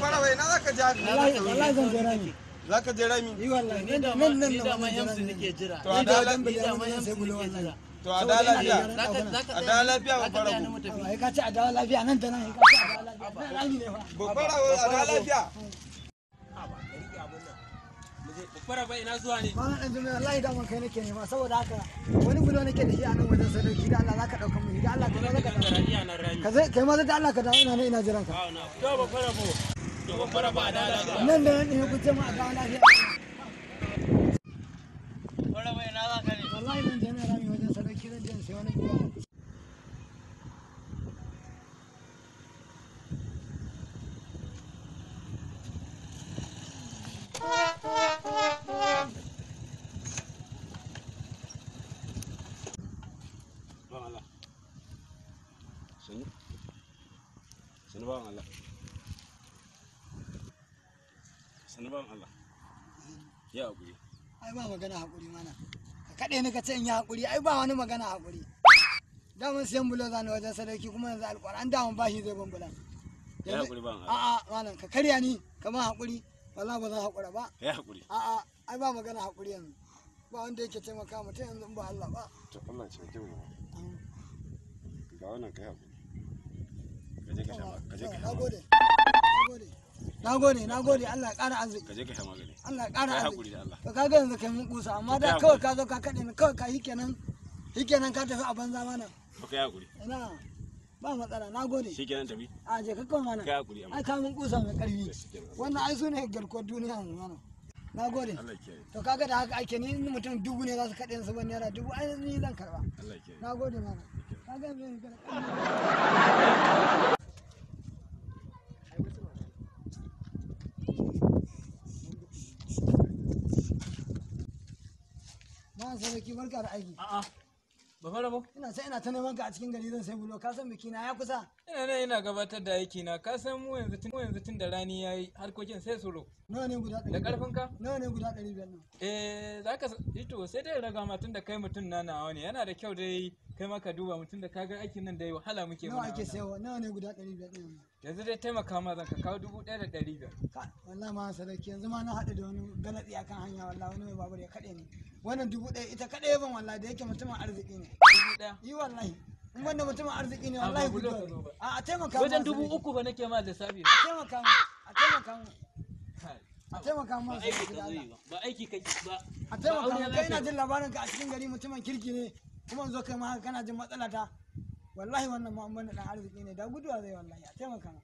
fara jira mi wallahi ni da nan yamsu jira to adala ni da mai yamsu nake jira to adala lafiya adala lafiya ba fara ku ai ka adala lafiya nan da nan ka adala lafiya ba fara adala lafiya Babbara ba ina zuwa ne. Malam ɗan wallahi da kai nake nema saboda haka wani bulo nake da shi a nan wajen sadauki da Allah zaka mu Allah ka zo ka Ka zai kai ma da Allah ka dawo ina ne ina jiran ka. To babbara bo. To babbara ba da Allah. Nan da ne ku ce ma ba ina za ka ne. Wallahi ɗan jami'a rami wajen sadauki zan je sai wani sani bawan Allah sani bawan Allah ya haƙuri ai ba magana haƙuri mana ka kaɗe ni ka ce in yi haƙuri ai ba wani magana haƙuri daman siyan bulo zani wajen sadauki kuma yanzu alƙur'an daman bashi zai ban bulan ya haƙuri ba a'a malam ka karya ni kamar haƙuri wallahi ba zan haƙura ba ya haƙuri a'a ai ba magana haƙuri yanzu ba wanda yake taimaka mutum yanzu in ba Allah ba to Allah ce ga wannan kai haƙuri nagode nagode Allah ya arziki ka sha magani Allah arziki to kaga yanzu kai mun kusa amma da kawai ka zo ka kade ni kawai ka ka tafi a banza mana to kai hakuri ina ba matsala nagode tafi a je ka koma nan kai hakuri amma ai ka mun kusa mai karfi wannan ai su garkuwar duniya yanzu mana na gode to kaga da haka ake ni mutum dubu ne za su kaɗe su ban naira dubu ai ni zan karba na mana kaga yanzu Malam Sarki barka da aiki. A'a. Ina sai ina ta neman ka a cikin gari zan sai bulo ka san biki na ya kusa. Ina nan ina gabatar da aiki na ka san mu yanzu tun yanzu tun da rani yayi harkokin sai soro. Nawa ne guda 100? Da karfin ka? Nawa ne guda nan? Eh zaka to sai dai raga ma tun da kai mutun na nawa ne yana da kyau dai kai ma ka duba mutum da ga aikin nan da yi wahala muke nawa ake sayawa nawa ne guda 500 ɗin yanzu dai taimaka ma zan ka kawo 1500 wallahi ma sadaki yanzu ma na haɗu da wani galatsi akan hanya wallahi wani mai babur ya kaɗe ni wannan 1000 ita kaɗai ban wallahi da yake mutumin arziki ne 1000 yi wallahi in wanda mutumin arziki ne wallahi gudu a taimaka wajen dubu uku ba nake ma lissafi a taimaka ma a taimaka ma a taimaka ma ba aiki kake ba a taimaka ma kai na jin labarin ka a cikin gari mutumin kirki ne kuma zo kai ma kana jin matsala ta wallahi wannan mu'amman dan arziki ne da guduwa zai wallahi a taimaka mu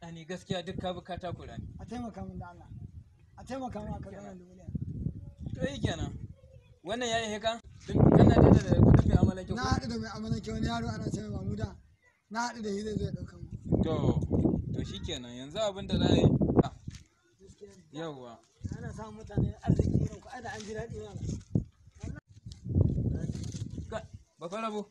ani gaskiya duk ka bukata ku rani a taimaka mu da Allah a taimaka mu akan wannan duniya to yi kenan wannan yayi heka kana da da kudin mai amalan kyau na hadu da mai amalan kyau wani yaro ana cewa mamuda na hadu da shi zai zai ya ɗauka mu to to shikenan yanzu abin da zai ah, yauwa ana samun mutane arziki ne ku ada an ji daɗi mana akwai rabo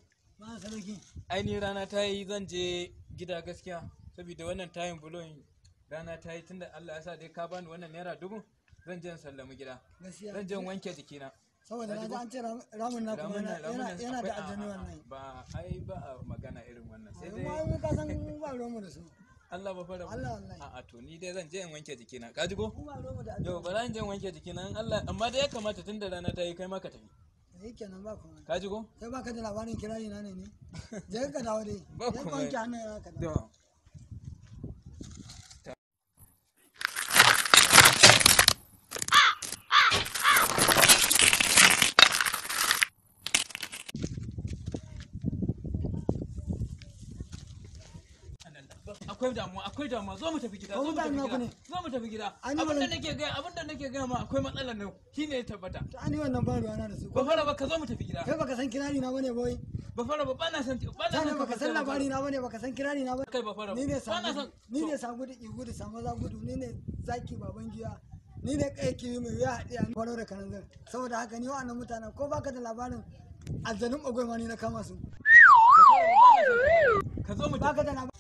ainihin rana ta yi zan je gida gaskiya saboda wannan tayin bulon rana ta yi tunda Allah ya sa dai ka bani wannan naira dubu zan je sallamu gida zan je wanke jikina saboda na ji an ce ramin na kuma yana da ajami wannan ba ai ba a magana irin wannan sai dai mu ka san ba romu da su Allah ba fara Allah wallahi a'a to ni dai zan je in wanke jikina ka ji ko yau ba zan je in wanke jikina in Allah amma dai ya kamata tunda rana ta yi kai ma ka tafi yi ka ba ka da labarin kirari na ne ne je ka dawo ba ka dawo akwai damuwa akwai damuwa zo mu tafi gida zo mu tafi gida zo mu tafi gida abin da nake ga abin da nake ga ma akwai matsalar ne shine ya tabbata to ani wannan ba ruwana da su ba fara ba ka zo mu tafi gida kai baka san kirari na bane boy ba fara ba bana san bana san baka san labari na bane baka san kirari na bane kai ba fara ni ne san ni ne san gudu gudu san maza gudu ni ne zaki baban giya ni ne kai kiwi mai ya hadi an kwaro da kanan saboda haka ni wa'annan mutanen ko baka da labarin aljanun bagwai ni na kama su ka zo mu baka da labarin